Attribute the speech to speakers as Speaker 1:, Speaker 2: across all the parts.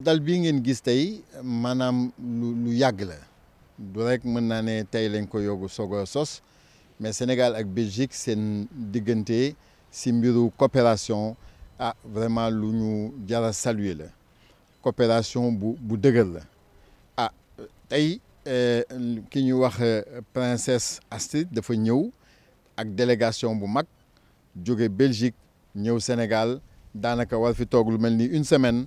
Speaker 1: dal bi ngeen gis tay manam lu lu yàgg la du rek mën naa ne tey lañ ko yogu sogo sos mais Sénégal ak Belgique seen digënté si mbiru coopération ah vraiment lu ñu jara saluer la coopération bu bu dëgër la ah euh, ki ñu wax euh, princesse Astrid dafa ñëw ak délégation bu mag jóge Belgique ñëw Sénégal danaka war fi toog lu mel ni une semaine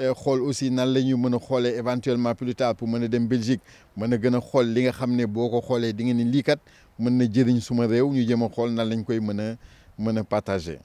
Speaker 1: Eh, xol aussi nan lañu mëna xolé éventuellement plus tard pour mëna Belgique mëna gëna xol li nga xamné ne xolé di ni jëriñ suma partager.